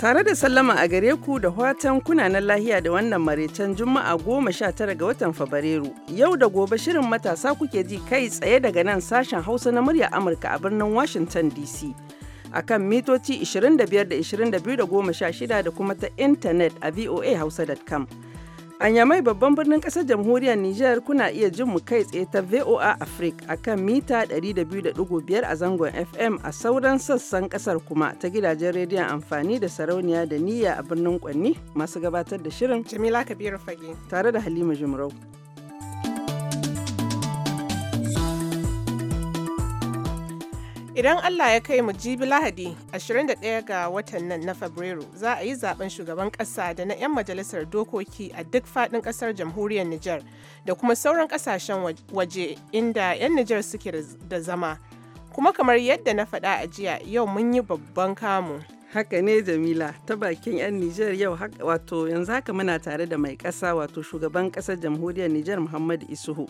Tare da sallama a gare ku da watan kunanan lahiya da wannan maraitan Juma'a goma sha tara ga watan Fabrairu. Yau da gobe shirin matasa kuke ji kai tsaye daga nan sashen Hausa na murya Amurka a birnin Washington DC. A kan mitoci 25 da 22 da 16 da kuma ta intanet a voahausa.com. A Yamai babban birnin ƙasar jamhuriyar Nijar kuna iya jin mu kai tsaye ta VOA Africa akan mita 200.5 a zangon FM a sauran sassan ƙasar kuma ta gidajen rediyon amfani da sarauniya da niyya a birnin Kwanni masu gabatar da shirin Jamila Kabiru Fage tare da Halima Jumrau. Idan Allah ya kai mu jibi Lahadi 21 ga watan nan na Fabrairu za a yi zaben shugaban ƙasa da na 'yan majalisar dokoki a duk faɗin ƙasar jamhuriyar Nijar da kuma sauran ƙasashen waje inda 'yan Nijar suke da zama. Kuma kamar yadda na faɗa a jiya yau mun yi babban kamu. Haka ne Jamila ta bakin 'yan Nijar yau wato yanzu haka muna tare da mai ƙasa wato shugaban ƙasar jamhuriyar Nijar Muhammadu Isuhu.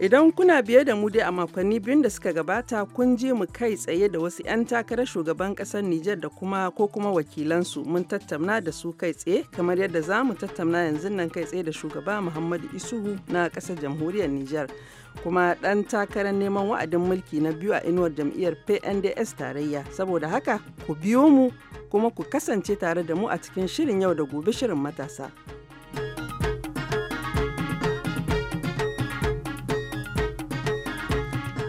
Idan kuna biye da mu dai a makonni biyun da suka gabata kun je mu kai tsaye da wasu 'yan takarar shugaban kasar Nijar da kuma ko kuma wakilansu mun tattauna da su kai tsaye kamar yadda za mu tattauna yanzu nan kai tsaye da shugaba Muhammadu Isuhu na kasar jamhuriyar Nijar kuma ɗan takarar neman wa'adin mulki na biyu a inuwar jam'iyyar PNDS tarayya saboda haka ku biyo mu kuma ku kasance tare da mu a cikin shirin yau da gobe shirin matasa.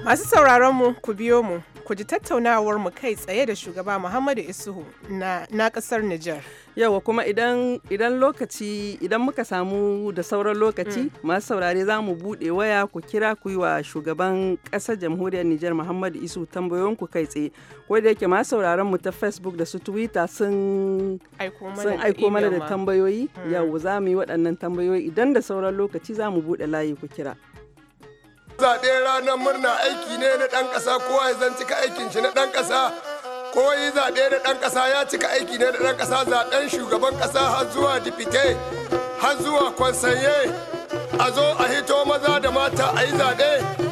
Masu sauraron mu ku biyo mu, ku ji tattaunawar mu kai tsaye da shugaba Muhammadu Isuhu na, kasar Nijar. Yawa kuma idan, lokaci idan muka samu da sauran lokaci mm. masu saurare za mu buɗe waya ku kira ku yi wa shugaban ƙasar jamhuriyar Nijar Muhammadu Isu ku kai tsaye. Ko da yake masu sauraron mu ta Facebook da su Twitter sun aiko mana da tambayoyi. Mm. Yawa za mu yi waɗannan tambayoyi idan da sauran lokaci za mu buɗe layi ku kira. zaɓe ranar murna aiki ne na ɗan ƙasa kowa ya zan cika aikin shi na ɗan ƙasa ko yi zaɓe na ɗan ƙasa ya cika aiki ne na ɗan ƙasa zaɓen shugaban ƙasa har zuwa dipite har zuwa kwansanye a zo a hito maza da mata a yi zaɓe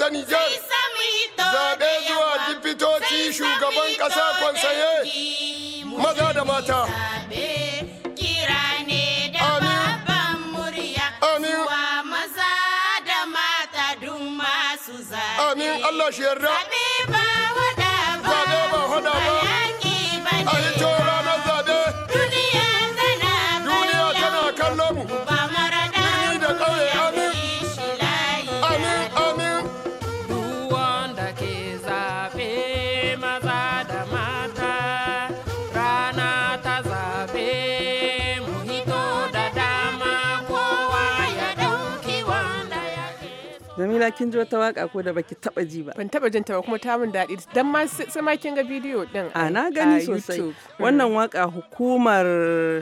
ta Nijar. Zaɓe zuwa dipitoci shugaban ƙasa kwansaye maza da mata. Amin Allah shi yarda. Zaɓe ba hada ba. ba hada ba. A yi ranar jamila kin ji wata waka ko da baki taba ji ba ban taba jin ta ba kuma ta mun daɗi dan ma sai ma kin ga bidiyo din a na gani sosai mm. wannan waka hukumar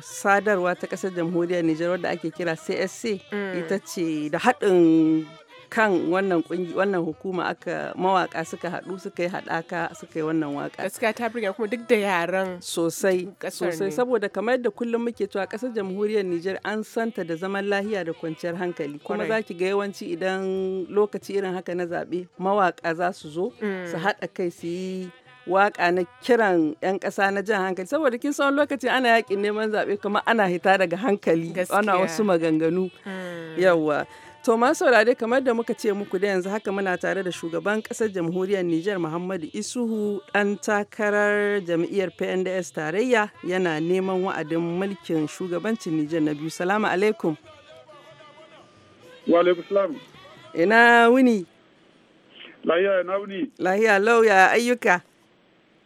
sadarwa ta ƙasar jamhuriyar Nijar wadda ake kira CSC mm. ita ce da haɗin kan wannan kungi wannan hukuma aka mawaka suka haɗu suka yi haɗaka suka yi wannan waka gaskiya ta burge kuma duk da yaran sosai sosai saboda kamar yadda kullum muke cewa ƙasar jamhuriyar Nijar an santa da zaman lahiya da kwanciyar hankali kuma zaki ga yawanci idan lokaci irin haka na zaɓe mawaka za su zo mm. su haɗa kai su yi waka na kiran 'yan ƙasa na jan hankali saboda kin san lokaci ana yakin neman zaɓe kuma ana hita daga hankali ana wasu maganganu mm. yawwa To masu saurare kamar da muka ce muku da yanzu haka muna tare da shugaban kasar jamhuriyar Nijar Muhammadu Isuhu ɗan takarar jam'iyyar PNDS tarayya yana neman wa'adin mulkin shugabancin Nijar na biyu. Salamu alaikum. Wa alaikum Ina wuni. Lahiya ina wuni. Lahiya ya ayyuka.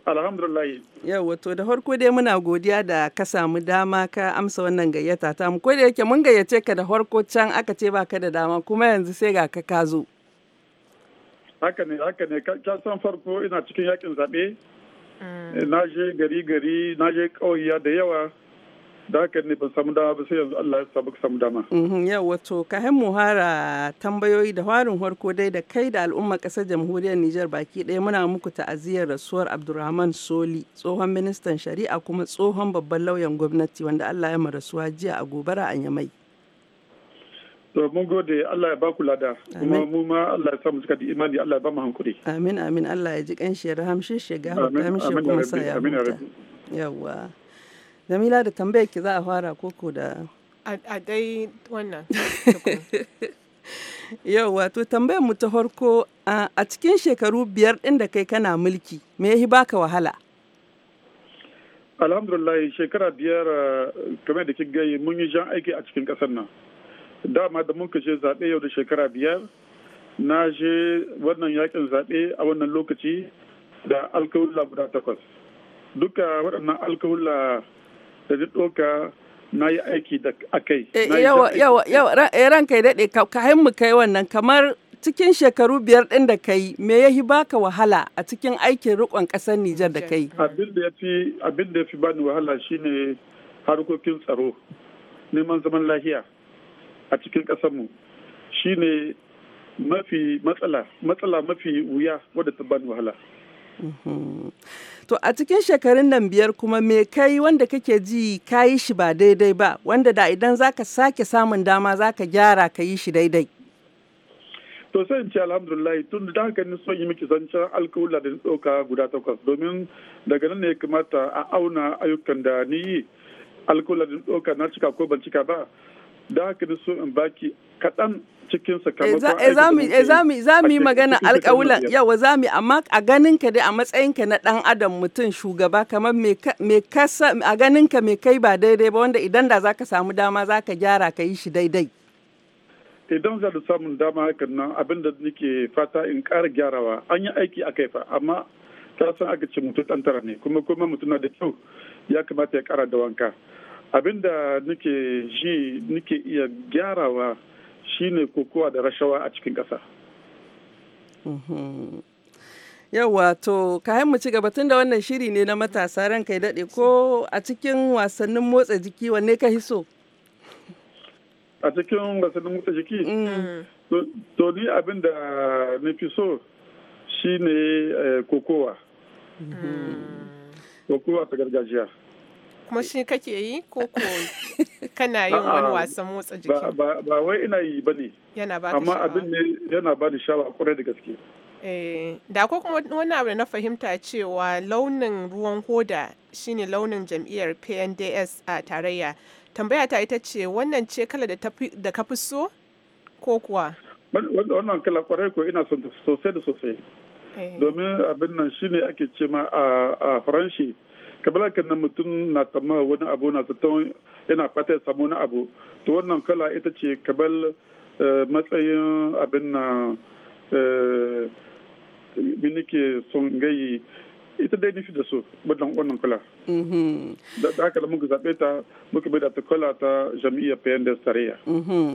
Alhamdulillah. Yau to da farko dai muna godiya da ka samu dama ka amsa wannan gayyata ta mu. Ko da yake mun gayyace ka da farko can aka ce baka da dama kuma yanzu sai ga ka ka zo. Haka ne haka ne ka san farko ina cikin yakin zaɓe. Mm. Na je gari gari na je da yawa da ne ban samu dama ba sai yanzu Allah ya samu samu dama. Mhm, Yau wato kayan muhara tambayoyi da warin harko dai da kai da al'umma ƙasar jamhuriyar Nijar baki ɗaya muna muku ta'aziyar rasuwar Abdulrahman Soli tsohon ministan shari'a kuma tsohon babban lauyan gwamnati wanda Allah ya rasuwa jiya a gobara a Yamai. To mun gode Allah ya baku lada kuma mu ma Allah ya samu cika da imani Allah ya ba mu hankuri. Amin amin Allah ya ji kanshi ya rahamshe shi ga shi kuma sa ya Yawwa. Jamila da tambayar ki za a fara koko da a dai wannan yau wato tambayar mu ta farko a cikin shekaru biyar ɗin da kai kana mulki me ya baka wahala alhamdulillah shekara biyar eh, kamar da kika yi mun yi jan aiki a cikin ƙasar nan dama da mun kashe zaɓe yau da shekara biyar na je wannan yakin zaɓe a wannan lokaci da alkawulla guda takwas duka waɗannan alkawulla da duk ɗoka na yi aiki da akai. Eh, yawa, yawa, yawa, eh, ranka daɗe, ka mu kai wannan kamar cikin shekaru biyar ɗin da kai me ya hi baka wahala a cikin aikin riƙon ƙasar Nijar da kai? Abin da ya fi bani wahala shine harkokin tsaro, neman zaman lahiya a cikin ƙasarmu shine mafi matsala, matsala mafi wuya wadda ta bani wahala. Mm-hmm. To a cikin shekarun nan biyar kuma me kai wanda kake ji ka yi shi ba daidai ba wanda da idan zaka sake samun dama zaka gyara ka yi shi daidai. To sai in ce alhamdulillah tun da haka ni son yi miki zancen alkawula da ɗauka guda takwas domin daga nan ne ya kamata a auna ayyukan da ni yi alkawula da ɗauka na cika ko ban cika ba. da haka da so in baki kaɗan cikin kamar za mu yi magana alƙawulan yawa za mu amma a ganinka dai a matsayinka na ɗan adam mutum shugaba kamar me kasa a ganinka me kai ba daidai ba wanda idan da zaka samu dama zaka gyara ka yi shi daidai idan za da samun dama hakan nan abinda nake fata in ƙara gyarawa an yi aiki a kai fa amma ta san aka ce mutum ɗan tara ne kuma kuma mutum na da kyau ya kamata ya ƙara da wanka abinda nake ji nake iya gyarawa shine kokowa da rashawa a cikin kasa. Mhm. yau to ka mu ci gaba tun da wannan shiri ne na matasa ran kai daɗe ko a cikin wasannin motsa jiki wanne ka hiso? A cikin wasannin motsa jiki? Mm. To ni abin da na fi so shine eh, kokowa. Mhm. Kokowa ta gargajiya. kuma shi kake yi ko ko kana yin wani wasan motsa jiki ba wai ina yi ba ne yana ba amma abin ne yana ba ni shawa kwarai da gaske eh, da ko kuma wani abu da na fahimta cewa launin ruwan hoda shine launin jam'iyyar PNDS a tarayya tambaya ta ita ce wannan ce kala da ka fi so ko kuwa wannan kala kwarai ko ina son sosai da sosai eh. domin abin nan shine ake ce ma a faranshi kamar kan nan mutum na tsamma wani abu na zaton yana fata ya samu wani abu to wannan kala ita ce kamar eh, matsayin abin na minike eh, son gayi ita dai nufi da su wannan wannan kula. Mm-hmm. Da haka da muka zaɓe ta muka bai da ta kula ta jam'iyyar pnd sariya. Mm-hmm.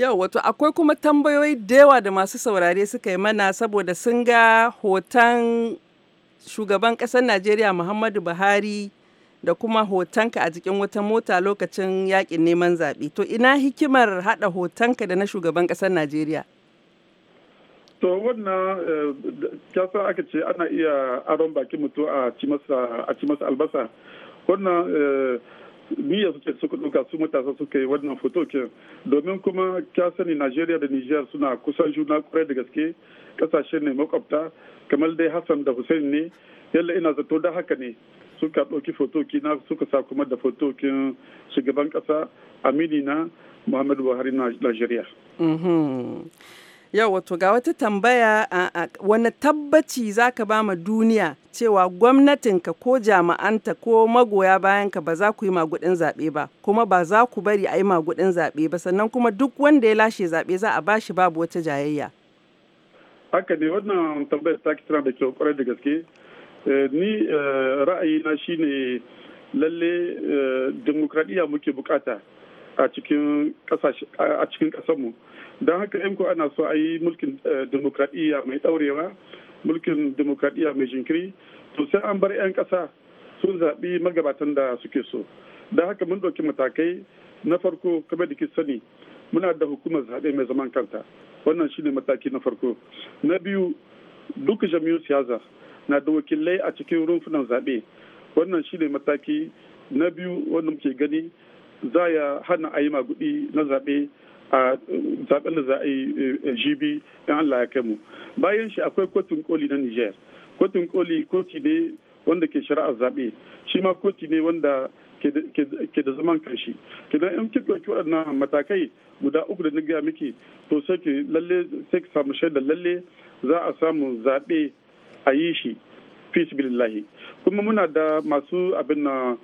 Yau wato akwai kuma tambayoyi da yawa da masu saurare suka yi mana saboda sun ga hoton shugaban ƙasar najeriya muhammadu buhari da kuma hotonka a jikin wata mota lokacin yakin neman zaɓe to ina hikimar haɗa hotonka da na shugaban ƙasar najeriya to wannan kyasa eh, aka ce ana iya aron bakin mutu a ci masa albasa wannan eh, niyya suke suka ɗauka su matasa suka yi wannan foto ke domin kuma ka sani najeriya da niger suna kusan juna kwarai da gaske kasashe ne makwabta kamar dai hassan da hussein ne yalla ina zato da haka ne suka ɗauki fotoki na suka sa kuma da fotokin shugaban ƙasa amini na muhammadu buhari na najeriya mhm. Yau wato ga wata tambaya a wani tabbaci za ka ba ma duniya cewa gwamnatinka ko jami'anta ko magoya bayanka ba za ku yi magudin zaɓe ba kuma ba za ku bari a yi magudin zaɓe ba sannan kuma duk wanda ya lashe zaɓe za a bashi babu wata jayayya. Haka ne wannan tambayar ta kitara da kyau kwarai da gaske. Eh, ni eh, ra'ayina shine lalle eh, demokradiyya muke bukata. a cikin mu don haka ko ana so a yi mulkin eh, demokradiyya mai daurewa. mulkin demokradiyya mai jinkiri to sai an bar 'yan kasa. sun zaɓi magabatan da suke so don haka mun ɗauki matakai na farko kamar da ke sani muna da hukumar zaɓe mai zaman kanta wannan shine mataki na farko na biyu duk jami'u siyasa na da wakilai a cikin rumfunan zaɓe wannan shine mataki na biyu wanda muke gani za ya hana a yi magudi na zaɓe a zaɓen da za a yi eh, jibi in Allah ya kai mu bayan shi akwai kotun koli na Niger kotun koli koti ne wanda ke shari'ar zaɓe shi ma koti ne wanda ke da zaman kanshi kidan in ki ɗauki waɗannan matakai guda uku da gaya miki to sai ki lalle sai ki samu shaidar lalle za a samu zaɓe a yi shi fi kuma muna da masu abin na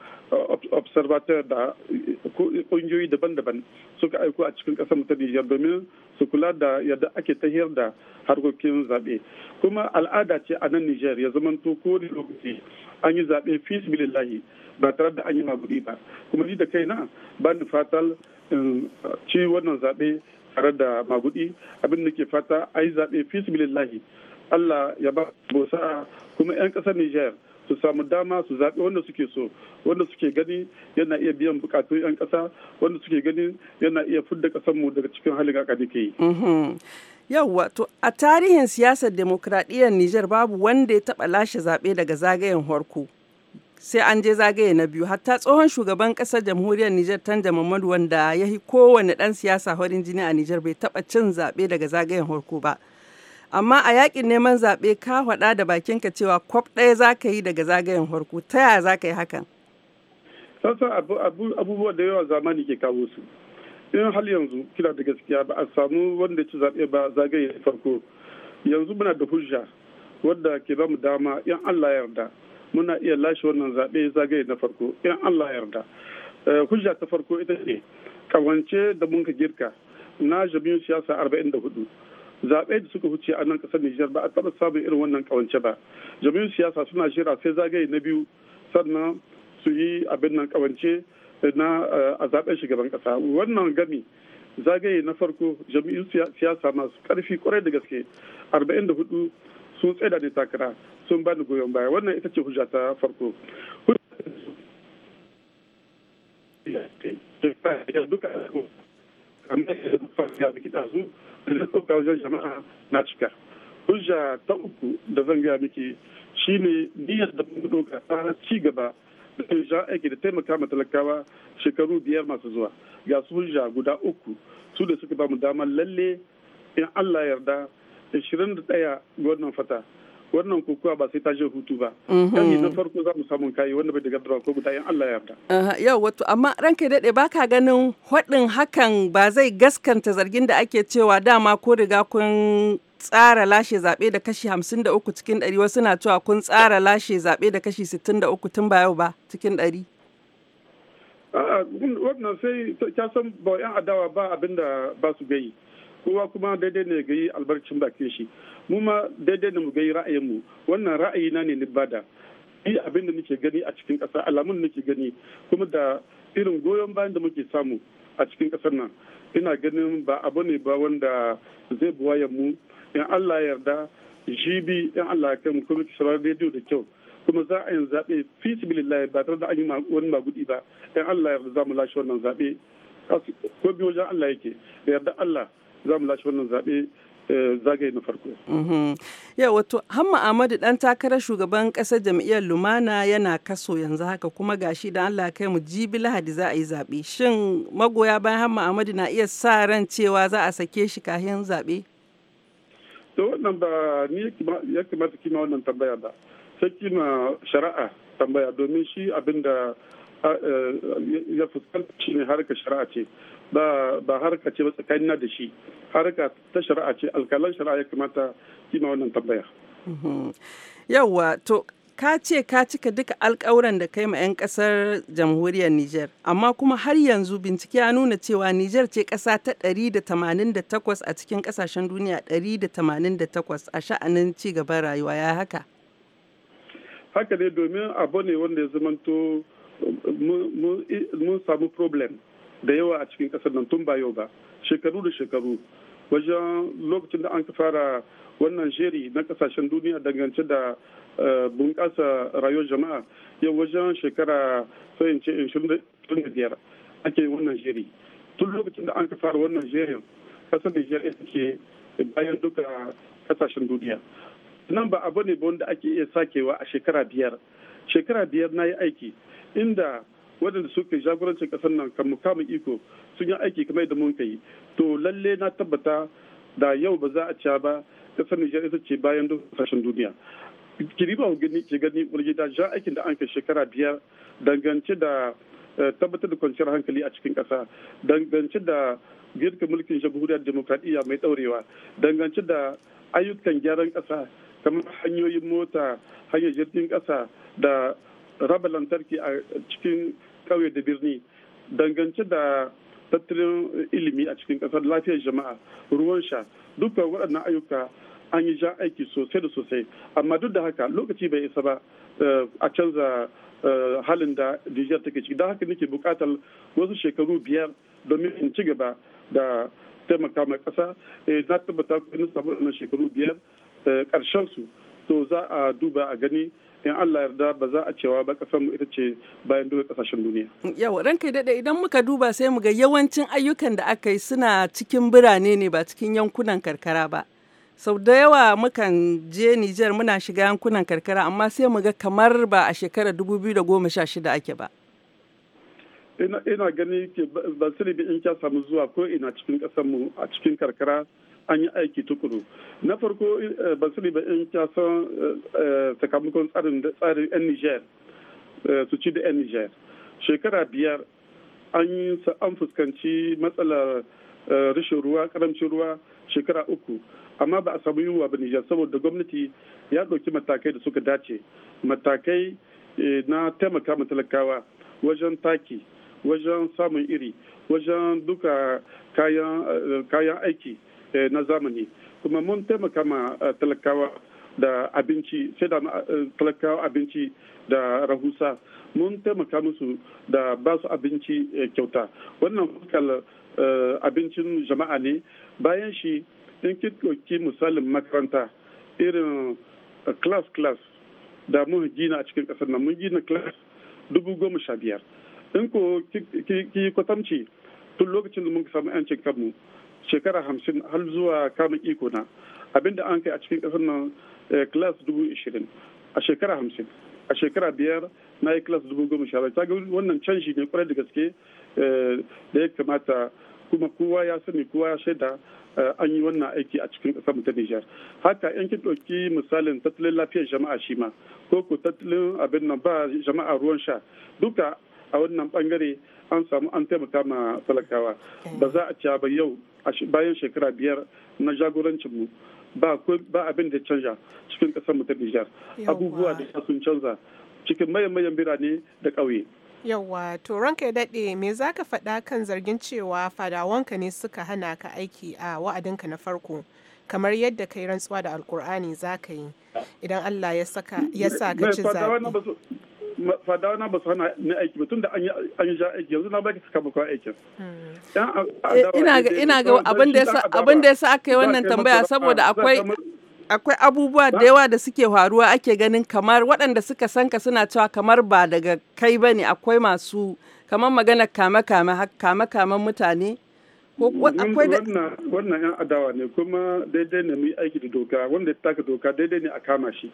observateur da kungiyoyi daban-daban suka aiko a cikin kasar ta Nijar domin su kula da yadda ake tahiyar da harkokin zaɓe. Kuma al'ada ce a nan Nijar ya zamanto kowane lokaci an yi zaɓe fi ba tare da an yi magudi ba. Kuma ni da kaina ba ni fatal ci wannan zaɓe tare da maguɗi abin da ke fata a yi zaɓe fi Allah ya ba bosa kuma 'yan ƙasar Nijar su samu dama su zaɓi wanda suke so wanda suke gani yana iya biyan bukatun 'yan ƙasa wanda suke gani yana iya fudda ƙasanmu daga cikin halin ƙaƙa ke yi. Mhm. Yawwa, to a tarihin siyasar demokradiyyar niger babu wanda ya taɓa lashe zaɓe daga zagayen harko. sai an je zagaye na biyu hatta tsohon shugaban kasar jamhuriyar niger Tanja Muhammadu wanda ya yi kowane dan siyasa horin jini a niger bai taba cin zaɓe daga zagayen harko ba amma a yakin neman zaɓe ka faɗa da bakinka cewa kwaf ɗaya za ka yi daga zagayen farko ta yaya za ka yi hakan sassan abubuwa da yawa zamani ke kawo su in hal yanzu kira da gaskiya ba a samu wanda ci zaɓe ba zagaye farko yanzu muna da hujja wadda ke ba mu dama in allah yarda muna iya lashe wannan zaɓe zagaye na farko in allah yarda eh, hujja ta farko ita ce kawance da mun ka girka na jami'in siyasa arba'in da hudu zaɓe da suka wuce a nan ƙasar Nijar ba a taɓa samun irin wannan ƙawance ba. Jami'un siyasa suna shira sai zagaye na biyu sannan su yi abin nan ƙawance na eh, a zaɓen shugaban ƙasa. Wannan gami zagaye na farko jami'un siyasa masu ƙarfi ƙwarai da gaske 44 sun tsaida da takara sun bani goyon baya wannan ita ce hujja ta farko. duka da su da suka jama'a na cika hujja ta uku da zan gaya miki shine niyyar da mun doka ta ci gaba da ja aiki da taimaka ma talakawa shekaru biyar masu zuwa ga su hujja guda uku su da suka ba mu dama lalle in Allah yarda 21 ga wannan fata wannan kokowa ba sai ta je hutu ba dan mhm. na farko za mu samu kai wanda bai daga ko guda in Allah ya yarda yau wato amma ranka dade baka ganin hwadin hakan ba zai gaskanta zargin da ake cewa dama ko riga kun tsara lashe zaɓe da kashi 53 cikin 100 wasu na cewa kun tsara lashe zaɓe da kashi 63 tun ba yau ba cikin 100 wannan sai ta san ba yan adawa ba abinda ba su gai. kowa kuma daidai ne ga yi albarcin bakin shi mu ma daidai ne mu ga yi ra'ayinmu wannan ra'ayi na ne ni bada yi abin da nake gani a cikin ƙasa alamun nake gani kuma da irin goyon bayan da muke samu a cikin ƙasar nan ina ganin ba abu ne ba wanda zai buwaye mu in Allah yarda jibi in Allah ya mu kuma shirar rediyo da kyau kuma za a yi zaɓe fi sibilillahi ba tare da an yi wani magudi ba in Allah yarda za mu lashe wannan zaɓe ko biyo wajen Allah yake yarda Allah za mu lashe wannan zaɓe eh, zagaye na farko. Mhm. Yau wato Hamma Ahmadu ɗan takarar shugaban ƙasar jam'iyyar Lumana yana kaso yanzu haka kuma ga shi da Allah kai mu jibi Lahadi za a yi zaɓe. Shin magoya bayan Hamma Ahmadu na iya sa ran cewa za a sake shi kayan zaɓe? To wannan ba ni ya kamata kima wannan tambaya ba. Sai kima shari'a tambaya domin shi abin da Eh, ya fuskanta shi ne harka shari'a ce ba harka ce ba tsakanina da shi harka ta shari'a ce alkalan shari'a ya kamata yi ma wannan tambaya. Mhm. Yawwa to ka ce ka cika duka alkawuran da kai ma 'yan kasar jamhuriyar Nijar amma kuma har yanzu bincike ya nuna cewa Nijar ce kasa ta 188 a cikin kasashen duniya 188 a sha'anin cigaban rayuwa ya haka. Haka ne domin abu ne wanda ya zamanto mun samu problem da yawa a cikin kasar nan tun bayo ba shekaru da shekaru wajen lokacin da an ka fara wannan shiri na kasashen duniya dangance da eh, bunƙasa rayuwar jama'a yau wajen shekara sai ce biyar ake wannan shiri tun lokacin da an ka fara wannan shirin kasar nigeria ke bayan duka kasashen duniya nan ba abu ne ba wanda ake iya sakewa a shekara biyar shekara biyar na yi aiki inda waɗanda suke jagorancin kasar nan kan mukamin iko sun yi aiki kamar yadda mun kai to lalle na tabbata da yau ba za a ci ba ƙasar Nijar ita ce bayan duk kasashen duniya kiriba gani ke gani wani da ja aikin da an kai shekara biyar dangance da eh, tabbatar da kwanciyar hankali a cikin ƙasa dangance da girka mulkin jamhuriyar demokradiyya mai ɗaurewa dangance da ayyukan gyaran ƙasa kamar hanyoyin mota hanyar jirgin ƙasa da raba lantarki a cikin ƙauye da birni dangance da tattalin ilimi a cikin ƙasar lafiyar jama'a ruwan sha duka waɗannan ayyuka an yi ja aiki sosai da sosai amma duk da haka lokaci bai isa ba eh, a canza eh, halin da Nijar take ciki don haka nake bukatar wasu shekaru biyar domin in ci gaba da taimaka ma kasa eh, na tabbata na samu shekaru biyar karshen eh, su to za a duba a gani in Allah yarda ba za a cewa ba kasar mu ita ce bayan duka kasashen duniya. Yawa ranka daɗe idan muka duba sai mu ga yawancin ayyukan da aka yi suna cikin birane ne ba cikin yankunan karkara ba. Sau da yawa mukan je Nijar muna shiga yankunan karkara amma sai mu ga kamar ba a shekarar 2016 ake ba. ina gani ke ban in kya samu zuwa ko ina cikin kasar mu a cikin karkara an yi aiki tukuru na farko eh, ban sani in kya eh, eh, sakamakon tsarin tsarin yan niger su ci da yan niger shekara biyar an yi an fuskanci matsalar rashin ruwa karamcin ruwa shekara uku amma ba a samu yiwuwa ba niger saboda gwamnati ya ɗauki matakai da suka dace matakai na taimaka matalakawa wajen taki wajen samun iri wajen duka kayan eh, aiki eh, na zamani kuma mun taimaka ma eh, talakawa da abinci sai da talakawa abinci da rahusa mun taimaka musu da ba su abinci kyauta wannan fuskar abincin jama'a ne bayan shi in ki ɗauki misalin makaranta irin class class da mun gina a cikin ƙasar nan mun gina class dubu goma sha biyar in ko ki kwatamci tun lokacin da muka samu yancin kanmu shekara hamsin har zuwa kama iko na abinda an kai a cikin kasar nan eh, class dubu ishirin a shekara hamsin a shekara biyar na yi class dubu goma sha ta ga wannan canji ne kwarai da gaske eh, da ya kamata kuma kowa ya sani kowa ya shaida eh, an yi wannan aiki a cikin kasar ta Nijar. Haka yan kin ɗauki misalin tattalin lafiyar jama'a shi ma ko ko tattalin abin nan ba jama'a ruwan sha duka a wannan bangare an samu an taimaka ma talakawa eh. ba za a ci ba yau bayan shekara biyar na jagorancin mu ba abin da canja cikin kasar ta Nijar abubuwa da sun canza cikin mayan-mayan birane da ƙauye. Yawwa, to ranka ya daɗe me za ka faɗa kan zargin cewa fadawanka ne suka hana ka aiki a wa'adinka na farko kamar yadda ka yi rantsuwa da alkur'ani za ka yi idan Allah ya sa ka ci zaɓi. fada na ba su hana ni aiki ba tun da an yi ja aiki yanzu na baki sakamakon aikin. Hmm. Eh, ina ga abin da ya sa aka yi wannan tambaya saboda akwai akwai abubuwa da yawa da suke faruwa ake ganin kamar waɗanda suka ka suna cewa kamar ba daga kai ba ne akwai masu kamar magana kame-kame kame-kamen mutane wannan yan adawa ne kuma daidai ne mu yi aiki da doka wanda ya taka doka daidai ne a kama shi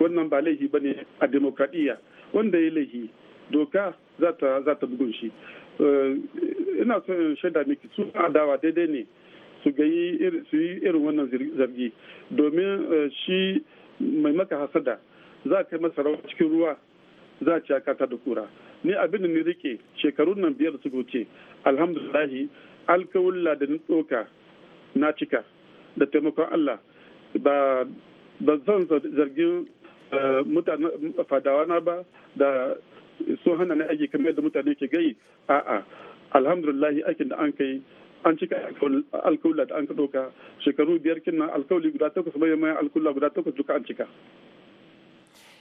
wannan ba laifi ba ne a demokradiyya wanda ya laifi doka za ta bugun shi eh, ina so in shaida miki su adawa daidai ne su yi irin wannan zargi domin eh, shi mai maka hasada za a kai masa rawa cikin ruwa za a ci akata da kura ni abin da ni rike shekarun nan biyar su goce alhamdulahi alkawulla da doka na cika da taimakon allah ba zan zargin Eh, mutane fadawa na ba da sun hana ni aiki kamar yadda mutane ke gai a'a alhamdulillahi aikin da an kai an cika alkawla da an ka ɗauka shekaru biyar kinnan alkawli guda takwas bayan mayan alkawla guda takwas duka an cika.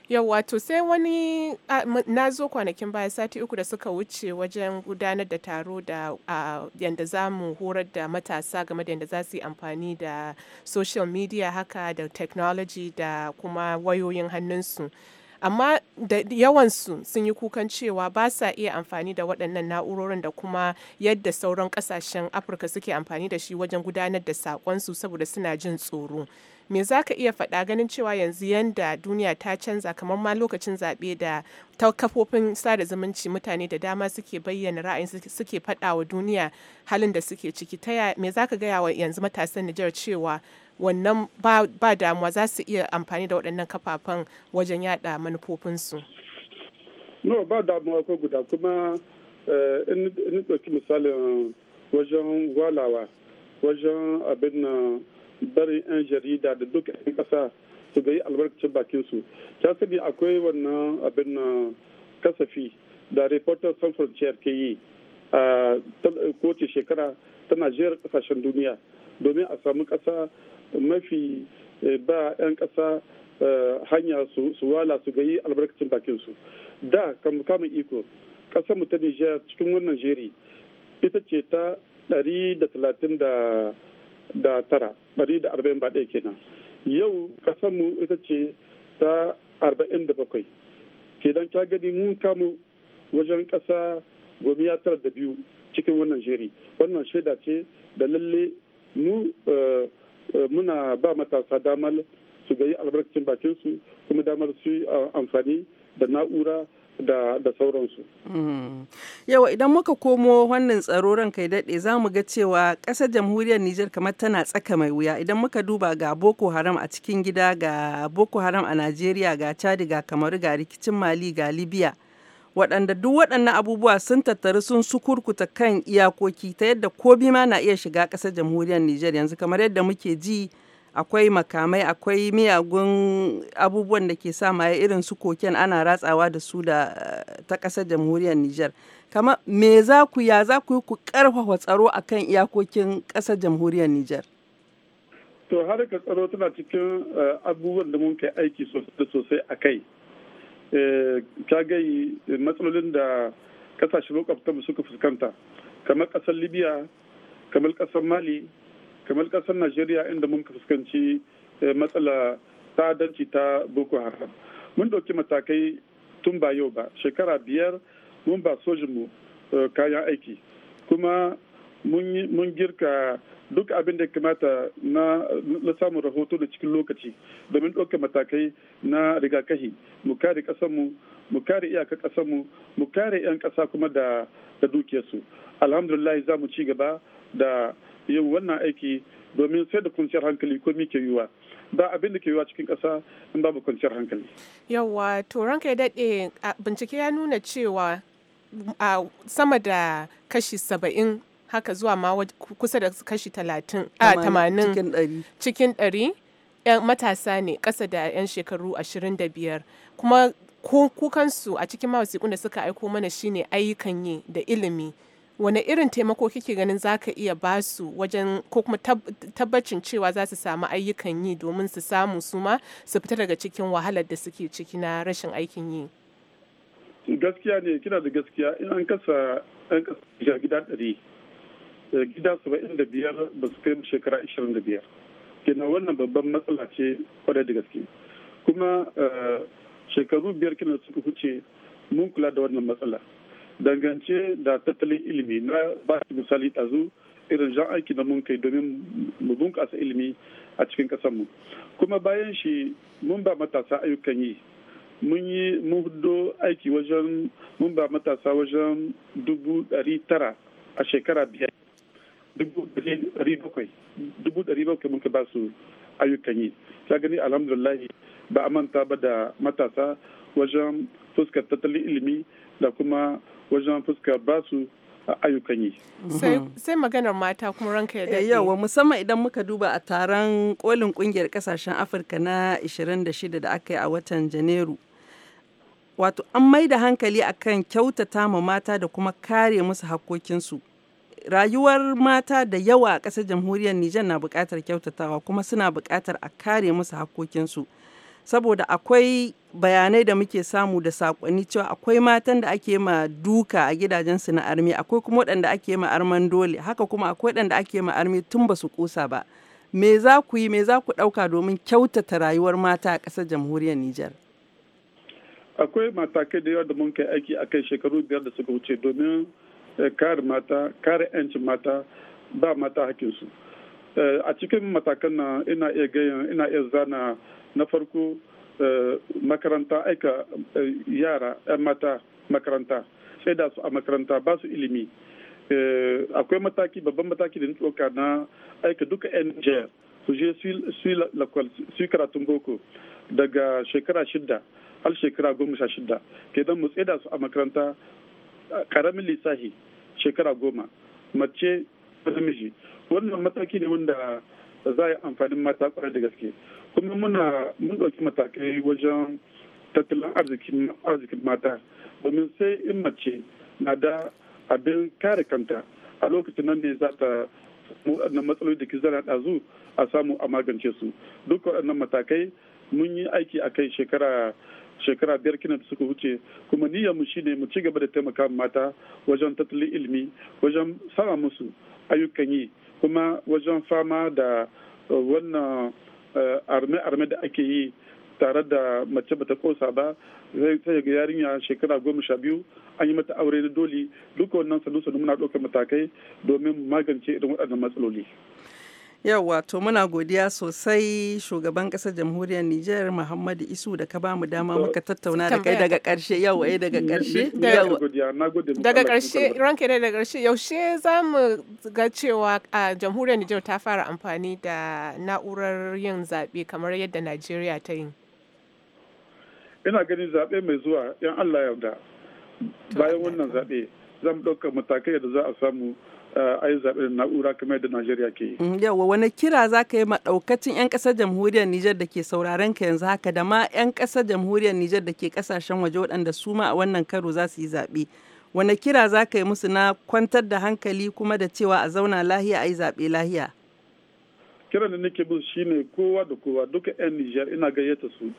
Yawwa to sai wani na zo kwanakin baya sati uku da suka wuce wajen gudanar da taro da yadda za mu horar da matasa game da yadda za su yi amfani da social media haka da technology da kuma wayoyin hannunsu. amma da yawansu sun yi kukan cewa ba sa iya amfani da waɗannan na'urorin da kuma yadda sauran ƙasashen afirka suke amfani da shi wajen gudanar da saƙonsu saboda suna jin tsoro me za ka iya faɗa ganin cewa yanzu yanda duniya ta canza kamar ma lokacin zaɓe da ta kafofin sada zumunci mutane da dama suke bayyana ra'ayin suke faɗa wa duniya halin da suke ciki ta me za ka gaya wa yanzu matasan Nijar cewa wannan ba damuwa za su iya amfani da waɗannan kafafen wajen yada manufofinsu. No, ba damuwa ko guda kuma eh, in ɗauki misalin wajen walawa wajen abin bari 'yan jarida da duk 'yan ƙasa su ga yi albarkacin bakinsu ta sani akwai wannan abin na kasafi da reporter sans frontier ke yi a kowace shekara ta najeriya kasashen duniya domin a samu ƙasa mafi eh, ba 'yan kasa eh, hanya su wala su ga yi albarkacin su da kamun iko ƙasar mu ta nigeria cikin wannan jeri ita ce ta da. da tara ɗari da arba'in ba ɗaya kenan yau kasanmu ita ce ta arba'in da bakwai kenan ka gani mun kamu wajen ƙasa gomiya ya tara da biyu cikin wannan jeri wannan shaida ce da lalle mu eh, eh, muna ba matasa damar su yi albarkacin bakinsu kuma damar su yi eh, amfani da na'ura da sauransu. Mm. Yawa idan muka komo wannan tsaro kai daɗe za mu ga cewa ƙasar jamhuriyar Nijar kamar tana tsaka mai wuya idan muka duba ga Boko Haram a cikin gida ga Boko Haram a Najeriya ga Chad ga Kamaru ga rikicin Mali ga Libya. waɗanda duk waɗannan abubuwa sun tattaru sun sukurkuta kan iyakoki ta yadda ko bima na iya shiga ƙasar jamhuriyar Nijar yanzu kamar yadda muke ji akwai makamai akwai miyagun abubuwan da ke sa maye irin su koken ana ratsawa da su da eh, ta ƙasar jamhuriyar Nijar. Kama me za ku ya za ku yi ku ƙarfafa tsaro akan iyakokin ƙasar jamhuriyar Nijar? To har ka tsaro tana cikin eh, abubuwan da mun kai aiki sosai a kai. Eh, ka gai matsalolin da kasashe makwabtanmu suka fuskanta kamar kasar Libya, kamar ƙasar Mali, kamar kasar najeriya inda mun fuskanci eh, matsala ta'addanci ta boko haram mun ɗauki matakai tun ba yau ba shekara biyar mun ba sojinmu eh, kayan aiki kuma mun girka duk abin da kamata na samun rahoto da cikin lokaci domin ɗauka matakai na rigakahi mu kare ƙasarmu mu kare iyakar ƙasarmu mu kare 'yan ƙasa kuma da dukiyarsu alhamdulillah za mu ci gaba da yi wannan aiki domin sai da kwanciyar hankali ko ke yiwa da abin da ke yiwa cikin ƙasa in babu kwanciyar hankali. Yawwa, to ranka ya daɗe bincike ya nuna cewa a sama da kashi saba'in haka zuwa ma kusa da kashi talatin a tamanin cikin ɗari matasa ne kasa da 'yan shekaru ashirin da biyar kuma kukansu a cikin mawasiƙun da suka aiko mana shine ayyukan yi da ilimi wani irin taimako kike ganin za ka iya ba su wajen ko kuma tabbacin cewa za su samu ayyukan yi domin su samu su ma su fita daga cikin wahalar da suke ciki na rashin aikin yi gaskiya ne kina da gaskiya in an kasa an kasa gida ɗari eh, gida saba'in da biyar ba su kai shekara ashirin da biyar kenan wannan babban matsala ce kwarai da gaske kuma eh, shekaru biyar kina suka huce mun kula da wannan matsala dangance da tattalin ilimi na ba su misali ɗazu irin jan aiki na mun kai domin mu bunƙasa ilimi a cikin ƙasarmu kuma bayan shi mun ba matasa ayyukan yi mun yi mun hudo aiki wajen mun ba matasa wajen dubu ɗari tara a shekara biyar dubu ɗari bakwai dubu ɗari bakwai muka ba su ayyukan yi ta gani alhamdulillahi ba a manta ba da matasa wajen fuskar tattalin ilimi da kuma wajen fuska ba su ayyukan yi. Mhm. Sai maganar mata kuma ranka ya eh, daɗe. Yawa musamman idan muka duba a taron kolin kungiyar kasashen Afirka na 26 da aka yi a watan Janairu. Wato an mai da hankali akan kyautata ma mata da kuma kare musu hakokinsu. Rayuwar mata da yawa a ƙasar jamhuriyar Nijar na buƙatar kyautatawa kuma suna buƙatar a kare musu hakokinsu. saboda akwai bayanai da muke samu da sakonni cewa akwai matan da ake ma duka a gidajen su na armi akwai kuma waɗanda ake ma arman dole haka kuma akwai waɗanda ake ma armi tun ba su kusa ba me za ku yi me za ku ɗauka domin kyautata rayuwar mata a ƙasar jamhuriyar Nijar. akwai matakai da yawa da mun kai aiki a kai shekaru biyar da suka wuce domin eh, kare mata kare 'yancin mata ba mata hakinsu eh, a cikin matakan na ina iya gayan ina iya zana na farko eh, makaranta aika eh, yara 'yan mata makaranta shaida su a makaranta ba su ilimi eh, akwai mataki babban mataki da na tsoka na aika duka 'yan nijar su je su karatun boko daga shekara shida har shekara goma sha shida don mu tsaida su a makaranta karamin lissahi shekara goma mace namiji wannan mataki ne wanda da za a yi amfanin mata kwarai da gaske kuma muna mun ɗauki matakai wajen tattalin arzikin mata domin sai in mace na da abin kare kanta a lokacin nan ne za ta waɗannan matsaloli da ke zana ɗazu a samu a magance su duk waɗannan matakai mun yi aiki a kai shekara shekara biyar kina da suka wuce kuma niyyar mu shine mu ci gaba da taimaka mata wajen tattalin ilimi wajen sama musu ayyukan yi kuma wajen fama da uh, wannan uh, arme-arme da ake yi tare da mace bata kosa ba zai ta ga yarinya shekara goma sha biyu an yi mata aure na doli duka wannan sanu-sanu muna ɗaukar matakai domin magance irin waɗannan matsaloli. Yawwa to muna godiya sosai shugaban ƙasar jamhuriyar Nijar Muhammadu Isu da ka ba mu dama muka tattauna da kai daga ƙarshe yau eh daga ƙarshe daga ƙarshe ranke ne daga ƙarshe yaushe za mu ga cewa a jamhuriyar Nijar ta fara amfani da na'urar yin zaɓe kamar yadda Najeriya ta yi. Ina ganin zaɓe mai zuwa 'yan Allah yarda bayan wannan zaɓe zan ɗauka matakai da za a samu a yi zaɓe na'ura kamar yadda Najeriya ke yi. Mm, Yawwa wani kira za ka yi ma ɗaukacin 'yan ƙasar jamhuriyar Nijar da ke sauraron ka yanzu haka da ma 'yan ƙasar jamhuriyar Nijar da ke ƙasashen waje waɗanda su ma a wannan karo za su yi zaɓe. wani kira za ka yi musu na kwantar da hankali kuma da cewa a zauna lahiya a yi zaɓe lahiya? Kiran da nake musu shine kowa da kowa duka 'yan Nijar ina gayyata su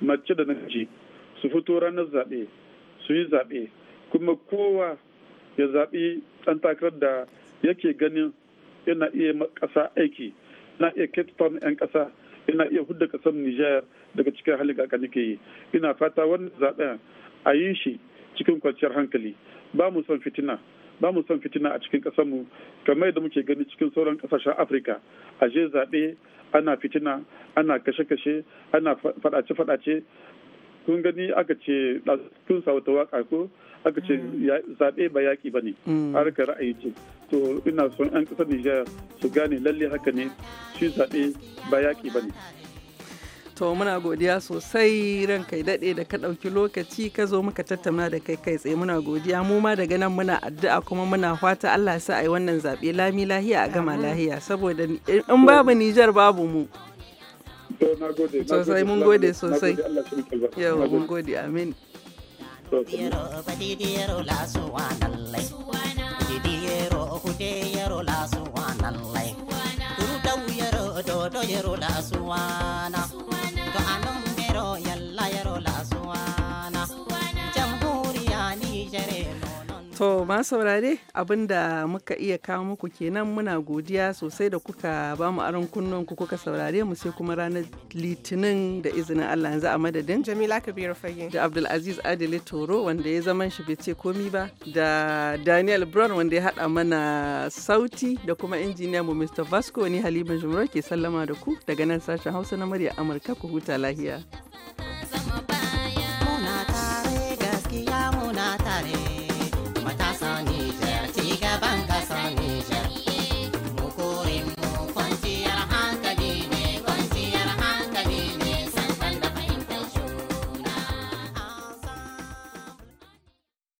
mace da namiji su fito ranar zaɓe su yi zaɓe kuma kowa ya zaɓi ɗan takarar da yake ganin yana iya ƙasa aiki yana iya Cape town 'yan ƙasa yana iya hudda kasar Nijar daga cikin halin ga ke yi ina fata wannan zaɓen a yi shi cikin kwanciyar hankali ba mu son fitina ba mu son fitina a cikin ƙasarmu kamar da muke gani cikin sauran kasashen afirka a je zaɓe ana fitina ana kashe-kashe ana faɗace-faɗace kun gani aka ce tun sa wata waka ko aka ce mm. zaɓe ba yaƙi ba ne mm. ka ra'ayi ce to ina son 'yan ƙasar nijar su gane lalle haka ne shi zaɓe ba yaƙi ba ne To muna godiya sosai ran kai daɗe da ka ɗauki lokaci ka zo muka tattauna da kai kai tsaye muna godiya mu ma daga nan muna addu'a kuma muna fata Allah sa a yi wannan zaɓe lami lahiya a gama lahiya saboda in babu Nijar babu mu. to na gode sosai mun gode sosai yau mun gode amin Yaro la nan lai, dodo la masu saurare abin da muka iya kawo muku kenan muna godiya sosai da kuka ba mu aron kunnen ku kuka saurare mu sai kuma ranar litinin da izinin Allah yanzu a madadin Jamila Kabiru Fage da Aziz Adele Toro wanda ya zaman shi bai ce komi ba da Daniel Brown wanda ya hada mana sauti da kuma injiniya mu Mr. Vasco ni Halima Jumro ke sallama da ku daga nan sashen Hausa na murya Amurka ku huta lahiya.